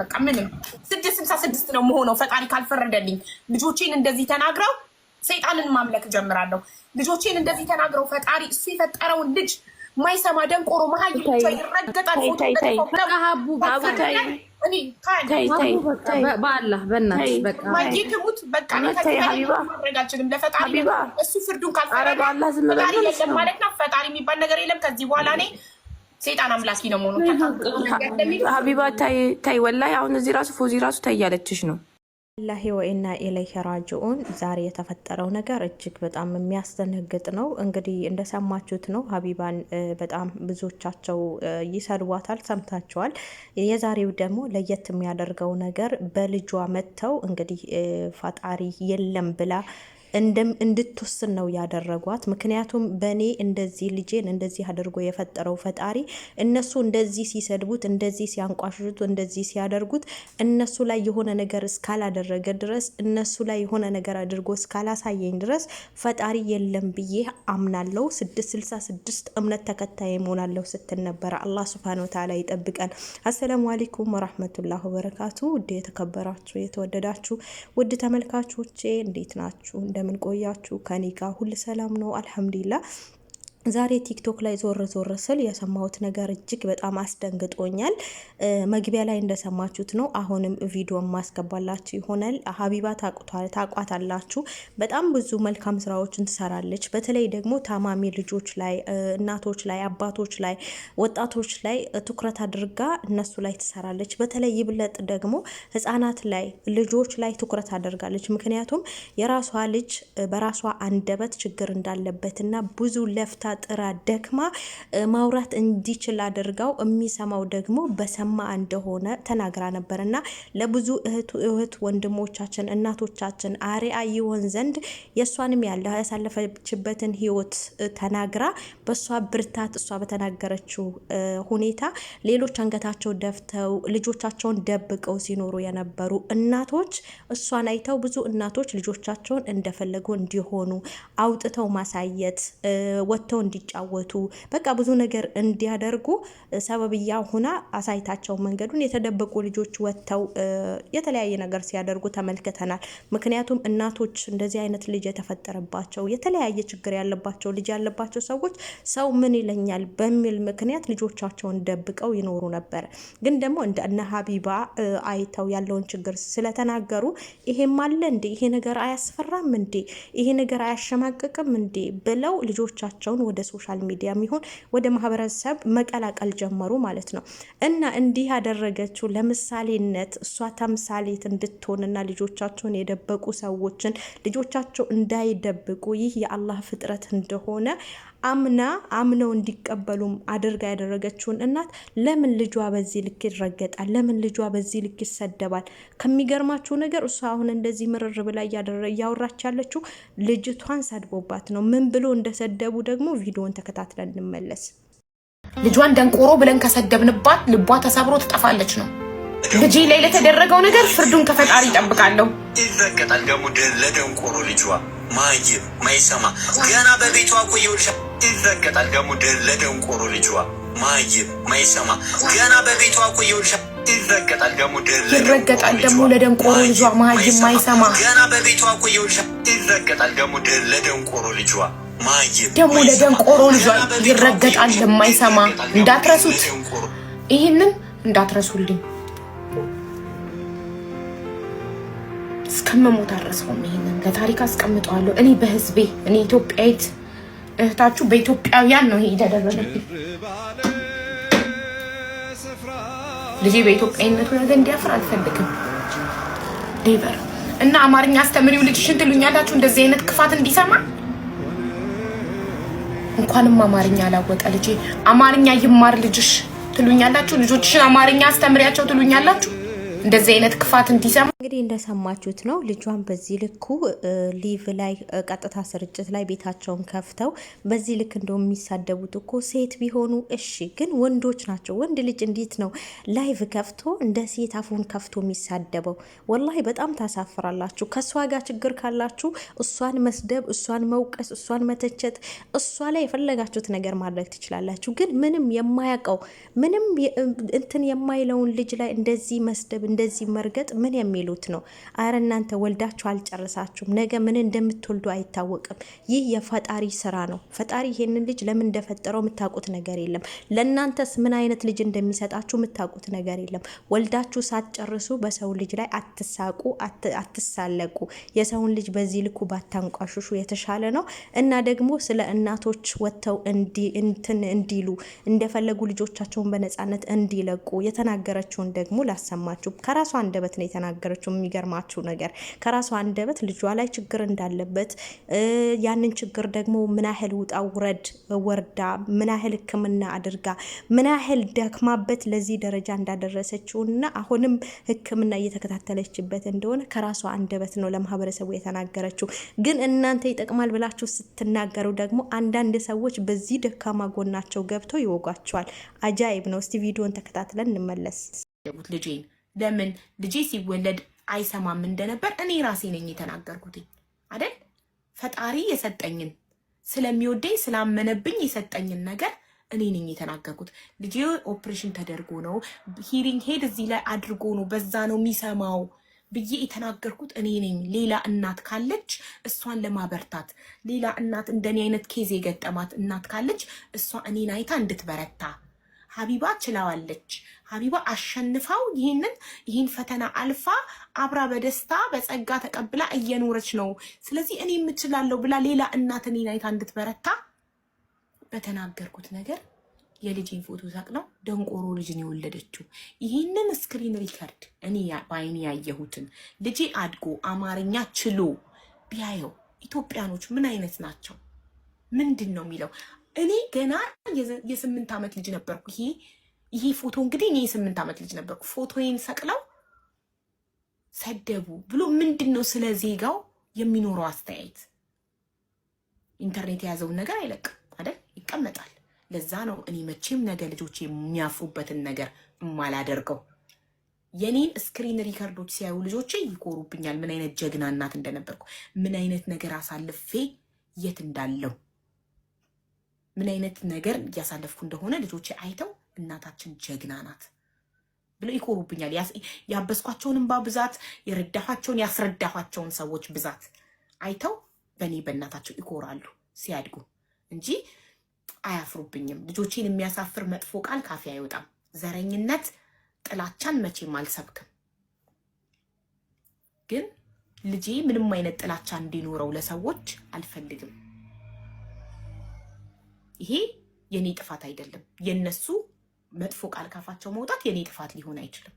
በቃ ምንም ስድስት ስልሳ ስድስት ነው መሆነው ፈጣሪ ካልፈረደልኝ ልጆቼን እንደዚህ ተናግረው ሰይጣንን ማምለክ ጀምራለሁ። ልጆቼን እንደዚህ ተናግረው ፈጣሪ እሱ የፈጠረውን ልጅ ማይሰማ ደንቆሮ መሀል ይረገጣል። በአላህ በእናትሽ ለፈጣሪ እሱ ፍርዱን ካልፈረደ ማለት ነው። ፈጣሪ የሚባል ነገር የለም ከዚህ በኋላ እኔ ሴጣን አምላኪ ነው መሆኑ ሀቢባ ታይ ወላሂ አሁን እዚህ ራሱ ፎዚ ራሱ ታይ ያለችሽ ነው ላሂ ወኢና ኢለይሂ ራጅኡን። ዛሬ የተፈጠረው ነገር እጅግ በጣም የሚያስደነግጥ ነው። እንግዲህ እንደሰማችሁት ነው። ሀቢባን በጣም ብዙዎቻቸው ይሰድቧታል፣ ሰምታችኋል። የዛሬው ደግሞ ለየት የሚያደርገው ነገር በልጇ መጥተው እንግዲህ ፈጣሪ የለም ብላ እንድትወስን ነው ያደረጓት። ምክንያቱም በእኔ እንደዚህ ልጄን እንደዚህ አድርጎ የፈጠረው ፈጣሪ እነሱ እንደዚህ ሲሰድቡት፣ እንደዚህ ሲያንቋሽሹት፣ እንደዚህ ሲያደርጉት እነሱ ላይ የሆነ ነገር እስካላደረገ ድረስ እነሱ ላይ የሆነ ነገር አድርጎ እስካላሳየኝ ድረስ ፈጣሪ የለም ብዬ አምናለው። ስድስት ስልሳ ስድስት እምነት ተከታይ መሆናለሁ ስትል ነበረ። አላህ ስብሃነሁ ወተዓላ ይጠብቀን። አሰላሙ አለይኩም ወራህመቱላሂ ወበረካቱ። ውድ የተከበራችሁ የተወደዳችሁ ውድ ተመልካቾቼ እንዴት ናችሁ? እንደምን ቆያችሁ? ከኔ ጋር ሁል ሰላም ነው አልሐምዱሊላ ዛሬ ቲክቶክ ላይ ዞር ዞር ስል የሰማሁት ነገር እጅግ በጣም አስደንግጦኛል። መግቢያ ላይ እንደሰማችሁት ነው። አሁንም ቪዲዮ ማስገባላችሁ ይሆናል። ሀቢባ ታቋታላችሁ። በጣም ብዙ መልካም ስራዎችን ትሰራለች። በተለይ ደግሞ ታማሚ ልጆች ላይ፣ እናቶች ላይ፣ አባቶች ላይ፣ ወጣቶች ላይ ትኩረት አድርጋ እነሱ ላይ ትሰራለች። በተለይ ይብለጥ ደግሞ ህጻናት ላይ ልጆች ላይ ትኩረት አድርጋለች። ምክንያቱም የራሷ ልጅ በራሷ አንደበት ችግር እንዳለበትና ብዙ ለፍታ ጥራ ደክማ ማውራት እንዲችል አድርጋው የሚሰማው ደግሞ በሰማ እንደሆነ ተናግራ ነበር እና ለብዙ እህት ወንድሞቻችን፣ እናቶቻችን አርአያ ይሆን ዘንድ የእሷንም ያለ ያሳለፈችበትን ህይወት ተናግራ በእሷ ብርታት እሷ በተናገረችው ሁኔታ ሌሎች አንገታቸው ደፍተው ልጆቻቸውን ደብቀው ሲኖሩ የነበሩ እናቶች እሷን አይተው ብዙ እናቶች ልጆቻቸውን እንደፈለጉ እንዲሆኑ አውጥተው ማሳየት ወጥተው እንዲጫወቱ በቃ ብዙ ነገር እንዲያደርጉ ሰበብያ ሁና አሳይታቸው መንገዱን የተደበቁ ልጆች ወጥተው የተለያየ ነገር ሲያደርጉ ተመልክተናል። ምክንያቱም እናቶች እንደዚህ አይነት ልጅ የተፈጠረባቸው የተለያየ ችግር ያለባቸው ልጅ ያለባቸው ሰዎች ሰው ምን ይለኛል በሚል ምክንያት ልጆቻቸውን ደብቀው ይኖሩ ነበር። ግን ደግሞ እነ ሀቢባ አይተው ያለውን ችግር ስለተናገሩ ይሄም አለ እንዴ ይሄ ነገር አያስፈራም እንዴ ይሄ ነገር አያሸማቅቅም እንዴ ብለው ልጆቻቸውን ወደ ሶሻል ሚዲያ ይሁን ወደ ማህበረሰብ መቀላቀል ጀመሩ ማለት ነው። እና እንዲህ ያደረገችው ለምሳሌነት እሷ ተምሳሌት እንድትሆንና ልጆቻቸውን የደበቁ ሰዎችን ልጆቻቸው እንዳይደብቁ ይህ የአላህ ፍጥረት እንደሆነ አምና አምነው እንዲቀበሉም አድርጋ ያደረገችውን እናት ለምን ልጇ በዚህ ልክ ይረገጣል? ለምን ልጇ በዚህ ልክ ይሰደባል? ከሚገርማችሁ ነገር እሷ አሁን እንደዚህ ምርር ብላ እያወራች ያለችው ልጅቷን ሰድቦባት ነው። ምን ብሎ እንደሰደቡ ደግሞ ቪዲዮን ተከታትለን እንመለስ። ልጇን ደንቆሮ ብለን ከሰደብንባት ልቧ ተሰብሮ ትጠፋለች ነው ልጅ ላይ ለተደረገው ነገር ፍርዱን ከፈጣሪ ይጠብቃለሁ። ይረገጣል ደግሞ ለደንቆሮ ልጇ ማይም ማይሰማ ገና በቤቷ እኮ ይኸውልሽ ይረገጣል። ደግሞ ለደንቆሮ ልጅዋ ማይም ማይሰማ ገና በቤቷ እኮ ይኸውልሽ ይረገጣል። ደግሞ ይረገጣል ደግሞ ለደንቆሮ ልጇ ማይም ማይሰማ ገና በቤቷ እኮ ይኸውልሽ ይረገጣል። ደግሞ ለደንቆሮ ልጇ ደግሞ ለደንቆሮ ልጇ ይረገጣል። ለማይሰማ እንዳትረሱት፣ ይህንን እንዳትረሱልኝ። እስከመሞት አረሰውም። ይሄንን ለታሪክ አስቀምጠዋለሁ። እኔ በህዝቤ እኔ ኢትዮጵያዊት እህታችሁ በኢትዮጵያውያን ነው ይሄ የተደረገብኝ። ልጄ በኢትዮጵያዊነቱ ነገር እንዲያፍር አልፈልግም። ኔቨር እና አማርኛ አስተምሪው ልጅሽን ትሉኛላችሁ። እንደዚህ አይነት ክፋት እንዲሰማ እንኳንም አማርኛ አላወቀ ልጄ አማርኛ ይማር ልጅሽ ትሉኛላችሁ። ልጆችሽን አማርኛ አስተምሪያቸው ትሉኛላችሁ። እንደዚህ አይነት ክፋት እንዲሰማ እንግዲህ እንደሰማችሁት ነው። ልጇን በዚህ ልኩ ሊቭ ላይ ቀጥታ ስርጭት ላይ ቤታቸውን ከፍተው በዚህ ልክ እንደ የሚሳደቡት እኮ ሴት ቢሆኑ እሺ፣ ግን ወንዶች ናቸው። ወንድ ልጅ እንዴት ነው ላይቭ ከፍቶ እንደ ሴት አፉን ከፍቶ የሚሳደበው? ወላሂ በጣም ታሳፍራላችሁ። ከእሷ ጋር ችግር ካላችሁ እሷን መስደብ፣ እሷን መውቀስ፣ እሷን መተቸት፣ እሷ ላይ የፈለጋችሁት ነገር ማድረግ ትችላላችሁ። ግን ምንም የማያውቀው ምንም እንትን የማይለውን ልጅ ላይ እንደዚህ መስደብ፣ እንደዚህ መርገጥ ምን የሚሉ እየበሉት ነው። አረ እናንተ ወልዳችሁ አልጨረሳችሁም። ነገ ምን እንደምትወልዱ አይታወቅም። ይህ የፈጣሪ ስራ ነው። ፈጣሪ ይሄንን ልጅ ለምን እንደፈጠረው የምታውቁት ነገር የለም። ለእናንተስ ምን አይነት ልጅ እንደሚሰጣችሁ የምታውቁት ነገር የለም። ወልዳችሁ ሳትጨርሱ በሰው ልጅ ላይ አትሳቁ፣ አትሳለቁ። የሰውን ልጅ በዚህ ልኩ ባታንቋሽሹ የተሻለ ነው እና ደግሞ ስለ እናቶች ወጥተው እንትን እንዲሉ እንደፈለጉ ልጆቻቸውን በነጻነት እንዲለቁ የተናገረችውን ደግሞ ላሰማችሁ። ከራሷ አንደበት ነው የተናገረችው። የገለጸችው። የሚገርማችሁ ነገር ከራሷ አንደበት ልጇ ላይ ችግር እንዳለበት ያንን ችግር ደግሞ ምን ያህል ውጣ ውረድ ወርዳ ምን ያህል ሕክምና አድርጋ ምን ያህል ደክማበት ለዚህ ደረጃ እንዳደረሰችውና አሁንም ሕክምና እየተከታተለችበት እንደሆነ ከራሷ አንደበት ነው ለማህበረሰቡ የተናገረችው። ግን እናንተ ይጠቅማል ብላችሁ ስትናገሩ ደግሞ አንዳንድ ሰዎች በዚህ ደካማ ጎናቸው ገብተው ይወጓቸዋል። አጃይብ ነው። እስቲ ቪዲዮን ተከታትለን እንመለስ። ልጄን ለምን ልጄ ሲወለድ አይሰማም እንደነበር እኔ ራሴ ነኝ የተናገርኩትኝ አይደል? ፈጣሪ የሰጠኝን ስለሚወደኝ ስላመነብኝ የሰጠኝን ነገር እኔ ነኝ የተናገርኩት። ልጅ ኦፕሬሽን ተደርጎ ነው ሂሪንግ ሄድ እዚህ ላይ አድርጎ ነው በዛ ነው የሚሰማው ብዬ የተናገርኩት እኔ ነኝ። ሌላ እናት ካለች እሷን ለማበርታት ሌላ እናት እንደኔ አይነት ኬዝ የገጠማት እናት ካለች እሷ እኔን አይታ እንድትበረታ ሀቢባ ችላዋለች። ሀቢባ አሸንፋው ይህንን ይህን ፈተና አልፋ አብራ በደስታ በጸጋ ተቀብላ እየኖረች ነው። ስለዚህ እኔ የምችላለው ብላ ሌላ እናት እኔን አይታ እንድትበረታ በተናገርኩት ነገር የልጅን ፎቶ ሰቅለው ደንቆሮ ልጅን የወለደችው ይህንን ስክሪን ሪከርድ እኔ በአይን ያየሁትን ልጄ አድጎ አማርኛ ችሎ ቢያየው ኢትዮጵያኖች ምን አይነት ናቸው? ምንድን ነው የሚለው እኔ ገና የስምንት ዓመት ልጅ ነበርኩ። ይሄ ይሄ ፎቶ እንግዲህ እኔ የስምንት ዓመት ልጅ ነበርኩ። ፎቶዬን ሰቅለው ሰደቡ ብሎ ምንድን ነው ስለ ዜጋው የሚኖረው አስተያየት? ኢንተርኔት የያዘውን ነገር አይለቅም አይደል? ይቀመጣል። ለዛ ነው እኔ መቼም ነገ ልጆች የሚያፍሩበትን ነገር የማላደርገው። የኔን ስክሪን ሪከርዶች ሲያዩ ልጆች ይኮሩብኛል፣ ምን አይነት ጀግና እናት እንደነበርኩ፣ ምን አይነት ነገር አሳልፌ የት እንዳለው ምን አይነት ነገር እያሳለፍኩ እንደሆነ ልጆቼ አይተው እናታችን ጀግና ናት ብለው ይኮሩብኛል። ያበስኳቸውን እንባ ብዛት፣ የረዳኋቸውን ያስረዳኋቸውን ሰዎች ብዛት አይተው በእኔ በእናታቸው ይኮራሉ ሲያድጉ እንጂ አያፍሩብኝም። ልጆቼን የሚያሳፍር መጥፎ ቃል ካፌ አይወጣም። ዘረኝነት፣ ጥላቻን መቼም አልሰብክም። ግን ልጄ ምንም አይነት ጥላቻ እንዲኖረው ለሰዎች አልፈልግም። ይሄ የኔ ጥፋት አይደለም፣ የነሱ መጥፎ ቃል ካፋቸው መውጣት የኔ ጥፋት ሊሆን አይችልም።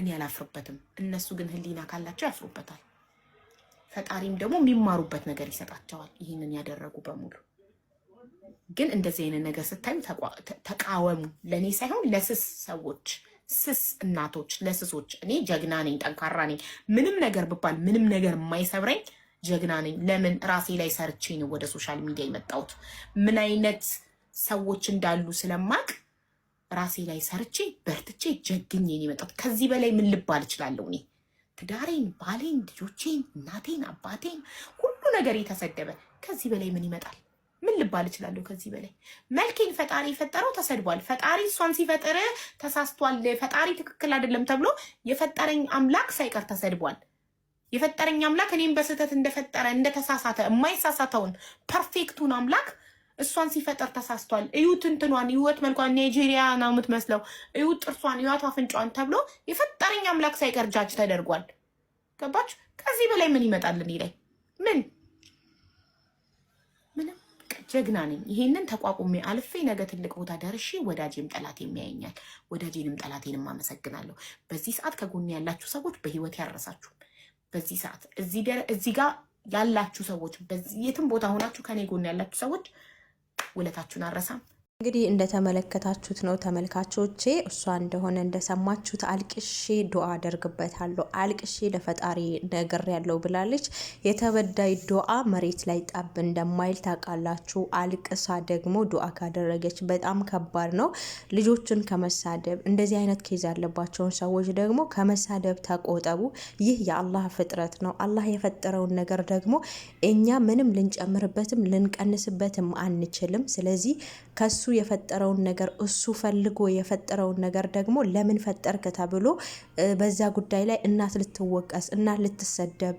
እኔ አላፍርበትም። እነሱ ግን ህሊና ካላቸው ያፍሩበታል። ፈጣሪም ደግሞ የሚማሩበት ነገር ይሰጣቸዋል። ይህንን ያደረጉ በሙሉ ግን እንደዚህ አይነት ነገር ስታዩ ተቃወሙ። ለእኔ ሳይሆን ለስስ ሰዎች፣ ስስ እናቶች፣ ለስሶች እኔ ጀግና ነኝ፣ ጠንካራ ነኝ፣ ምንም ነገር ብባል ምንም ነገር የማይሰብረኝ ጀግና ነኝ። ለምን ራሴ ላይ ሰርቼ ነው ወደ ሶሻል ሚዲያ የመጣሁት። ምን አይነት ሰዎች እንዳሉ ስለማቅ ራሴ ላይ ሰርቼ በርትቼ ጀግኜ ነው የመጣሁት። ከዚህ በላይ ምን ልባል እችላለሁ? እኔ ትዳሬን፣ ባሌን፣ ልጆቼን፣ እናቴን፣ አባቴን ሁሉ ነገር የተሰደበ ከዚህ በላይ ምን ይመጣል? ምን ልባል እችላለሁ? ከዚህ በላይ መልኬን ፈጣሪ የፈጠረው ተሰድቧል። ፈጣሪ እሷን ሲፈጥር ተሳስቷል፣ ፈጣሪ ትክክል አይደለም ተብሎ የፈጠረኝ አምላክ ሳይቀር ተሰድቧል። የፈጠረኝ አምላክ እኔም በስህተት እንደፈጠረ እንደተሳሳተ የማይሳሳተውን ፐርፌክቱን አምላክ እሷን ሲፈጠር ተሳስቷል። እዩት እንትኗን እዩት መልኳን ናይጄሪያ ነው የምትመስለው፣ እዩት ጥርሷን፣ እዩት አፍንጫዋን ተብሎ የፈጠረኝ አምላክ ሳይቀር ጃጅ ተደርጓል። ገባች? ከዚህ በላይ ምን ይመጣልን? ይላይ ምን ምንም። ጀግና ነኝ። ይሄንን ተቋቁሜ አልፌ ነገ ትልቅ ቦታ ደርሼ ወዳጄም ጠላት የሚያየኛል። ወዳጄንም ጠላቴንም አመሰግናለሁ። በዚህ ሰዓት ከጎን ያላችሁ ሰዎች በህይወት ያረሳችሁ በዚህ ሰዓት እዚህ ጋር ያላችሁ ሰዎች፣ የትም ቦታ ሆናችሁ ከኔ ጎን ያላችሁ ሰዎች ውለታችሁን አረሳም። እንግዲህ እንደተመለከታችሁት ነው ተመልካቾቼ፣ እሷ እንደሆነ እንደሰማችሁት አልቅሼ ዱአ አደርግበታለሁ አልቅሼ ለፈጣሪ ነገር ያለው ብላለች። የተበዳይ ዱአ መሬት ላይ ጣብ እንደማይል ታውቃላችሁ። አልቅሳ ደግሞ ዱአ ካደረገች በጣም ከባድ ነው። ልጆችን ከመሳደብ እንደዚህ አይነት ኬዝ ያለባቸውን ሰዎች ደግሞ ከመሳደብ ተቆጠቡ። ይህ የአላህ ፍጥረት ነው። አላህ የፈጠረውን ነገር ደግሞ እኛ ምንም ልንጨምርበትም ልንቀንስበትም አንችልም። ስለዚህ ከሱ የፈጠረውን ነገር እሱ ፈልጎ የፈጠረውን ነገር ደግሞ ለምን ፈጠርክ ተብሎ በዛ ጉዳይ ላይ እናት ልትወቀስ፣ እናት ልትሰደብ፣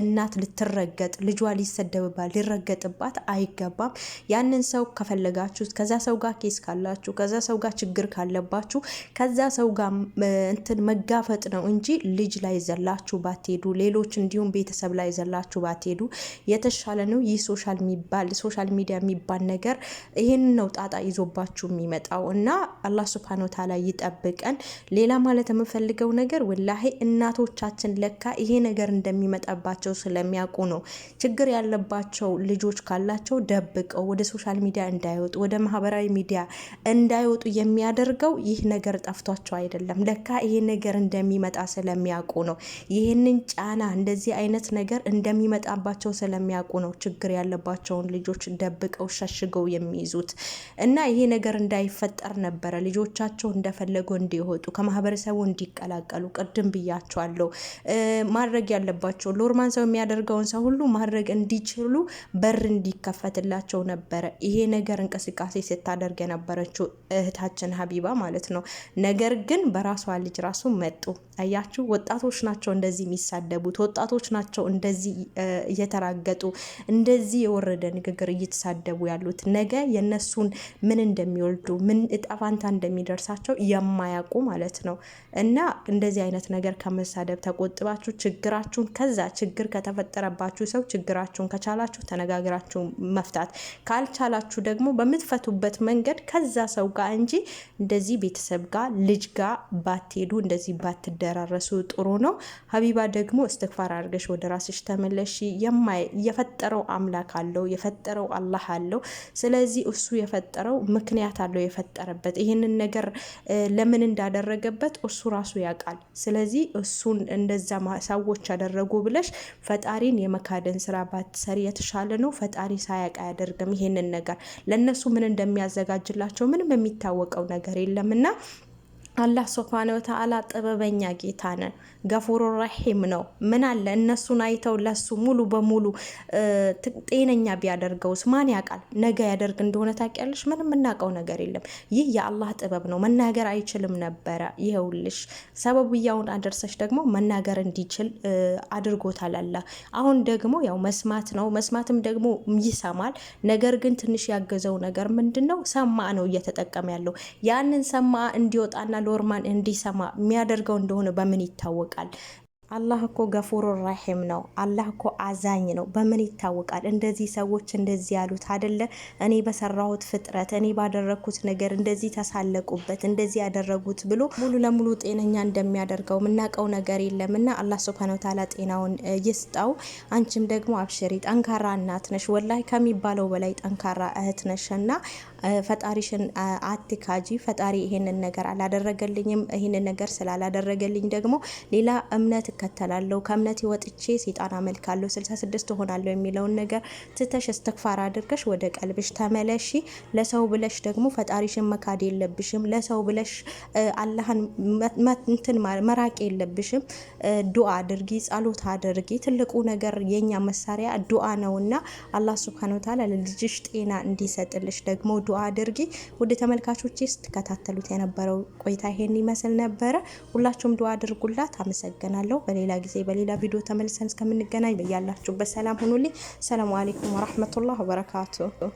እናት ልትረገጥ፣ ልጇ ሊሰደብባት ሊረገጥባት አይገባም። ያንን ሰው ከፈለጋችሁ ከዛ ሰው ጋር ኬስ ካላችሁ ከዛ ሰው ጋር ችግር ካለባችሁ ከዛ ሰው ጋር እንትን መጋፈጥ ነው እንጂ ልጅ ላይ ዘላችሁ ባትሄዱ፣ ሌሎች እንዲሁም ቤተሰብ ላይ ዘላችሁ ባትሄዱ የተሻለ ነው። ይህ ሶሻል ሚባል ሶሻል ሚዲያ የሚባል ነገር ይህን ነው ጣጣ ይዞባችሁ የሚመጣው እና አላህ ስብሃነ ወተዓላ ይጠብቀን። ሌላ ማለት የምፈልገው ነገር ወላሄ እናቶቻችን ለካ ይሄ ነገር እንደሚመጣባቸው ስለሚያውቁ ነው ችግር ያለባቸው ልጆች ካላቸው ደብቀው ወደ ሶሻል ሚዲያ እንዳይወጡ ወደ ማህበራዊ ሚዲያ እንዳይወጡ የሚያደርገው ይህ ነገር ጠፍቷቸው አይደለም። ለካ ይሄ ነገር እንደሚመጣ ስለሚያውቁ ነው። ይህንን ጫና እንደዚህ አይነት ነገር እንደሚመጣባቸው ስለሚያውቁ ነው ችግር ያለባቸውን ልጆች ደብቀው ሸሽገው የሚይዙት። እና ይሄ ነገር እንዳይፈጠር ነበረ ልጆቻቸው እንደፈለጉ እንዲወጡ ከማህበረሰቡ እንዲቀላቀሉ ቅድም ብያቸዋለሁ። ማድረግ ያለባቸው ሎርማን ሰው የሚያደርገውን ሰው ሁሉ ማድረግ እንዲችሉ በር እንዲከፈትላቸው ነበረ ይሄ ነገር እንቅስቃሴ ስታደርግ የነበረችው እህታችን ሀቢባ ማለት ነው። ነገር ግን በራሷ ልጅ ራሱ መጡ። አያችሁ፣ ወጣቶች ናቸው እንደዚህ የሚሳደቡት፣ ወጣቶች ናቸው እንደዚህ እየተራገጡ እንደዚህ የወረደ ንግግር እየተሳደቡ ያሉት ነገ የነሱን ምን እንደሚወልዱ ምን እጣ እንደሚደርሳቸው የማያውቁ ማለት ነው። እና እንደዚህ አይነት ነገር ከመሳደብ ተቆጥባችሁ ችግራችሁን ከዛ ችግር ከተፈጠረባችሁ ሰው ችግራችሁን ከቻላችሁ ተነጋግራችሁ መፍታት ካልቻላችሁ ደግሞ በምትፈቱበት መንገድ ከዛ ሰው ጋር እንጂ እንደዚህ ቤተሰብ ጋር ልጅ ጋር ባትሄዱ እንደዚህ ባትደራረሱ ጥሩ ነው። ሀቢባ ደግሞ እስትክፋር አድርገሽ ወደ ራስሽ ተመለሽ። የፈጠረው አምላክ አለው፣ የፈጠረው አላህ አለው። ስለዚህ እሱ የፈጠረው የፈጠረው ምክንያት አለው የፈጠረበት ይህንን ነገር ለምን እንዳደረገበት እሱ ራሱ ያውቃል። ስለዚህ እሱን እንደዛ ሰዎች አደረጉ ብለሽ ፈጣሪን የመካደን ስራ ባትሰሪ የተሻለ ነው። ፈጣሪ ሳያውቅ አያደርግም ይህንን ነገር ለእነሱ ምን እንደሚያዘጋጅላቸው ምንም የሚታወቀው ነገር የለምና አላህ ስብሃነ ወተዓላ ጥበበኛ ጌታ ነው። ገፉሩ ረሒም ነው። ምን አለ እነሱን አይተው ለሱ ሙሉ በሙሉ ጤነኛ ቢያደርገውስ ማን ያውቃል? ነገ ያደርግ እንደሆነ ታውቂያለሽ። ምንም የምናውቀው ነገር የለም። ይህ የአላህ ጥበብ ነው። መናገር አይችልም ነበረ። ይኸውልሽ ሰበብያውን አደርሰሽ ደግሞ መናገር እንዲችል አድርጎታል አላህ። አሁን ደግሞ ያው መስማት ነው። መስማትም ደግሞ ይሰማል። ነገር ግን ትንሽ ያገዘው ነገር ምንድን ነው? ሰማ ነው እየተጠቀመ ያለው ያንን ሰማ እንዲወጣና ሎርማን እንዲሰማ የሚያደርገው እንደሆነ በምን ይታወቃል? አላህ እኮ ገፉር ራሒም ነው። አላህ እኮ አዛኝ ነው። በምን ይታወቃል? እንደዚህ ሰዎች እንደዚህ ያሉት አደለ? እኔ በሰራሁት ፍጥረት፣ እኔ ባደረግኩት ነገር እንደዚህ ተሳለቁበት፣ እንደዚህ ያደረጉት ብሎ ሙሉ ለሙሉ ጤነኛ እንደሚያደርገው የምናውቀው ነገር የለም። እና አላህ ሱብሃነሁ ወተዓላ ጤናውን ይስጠው። አንቺም ደግሞ አብሽሪ፣ ጠንካራ እናት ነሽ። ወላሂ ከሚባለው በላይ ጠንካራ እህት ነሽ። እና ፈጣሪሽን አትካጂ። ፈጣሪ ይሄንን ነገር አላደረገልኝም፣ ይሄንን ነገር ስላላደረገልኝ ደግሞ ሌላ እምነት እከተላለሁ፣ ከእምነት ወጥቼ ሴጣን አመልካለሁ፣ 66 እሆናለሁ የሚለውን ነገር ትተሽ እስትክፋር አድርገሽ ወደ ቀልብሽ ተመለሺ። ለሰው ብለሽ ደግሞ ፈጣሪሽን መካድ የለብሽም። ለሰው ብለሽ አላህን እንትን መራቅ የለብሽም። ዱአ አድርጊ፣ ጸሎት አድርጊ። ትልቁ ነገር የኛ መሳሪያ ዱአ ነውና አላህ ሱብሃነሁ ወተዓላ ለልጅሽ ጤና እንዲሰጥልሽ ደግሞ ዱአ አድርጊ። ውድ ተመልካቾቼ ስትከታተሉት የነበረው ቆይታ ይሄን ይመስል ነበረ። ሁላችሁም ዱአ አድርጉላት። አመሰግናለሁ። በሌላ ጊዜ በሌላ ቪዲዮ ተመልሰን እስከምንገናኝ በያላችሁበት ሰላም ሁኑልኝ። ሰላሙ አሌይኩም ወረህመቱላህ ወበረካቱ።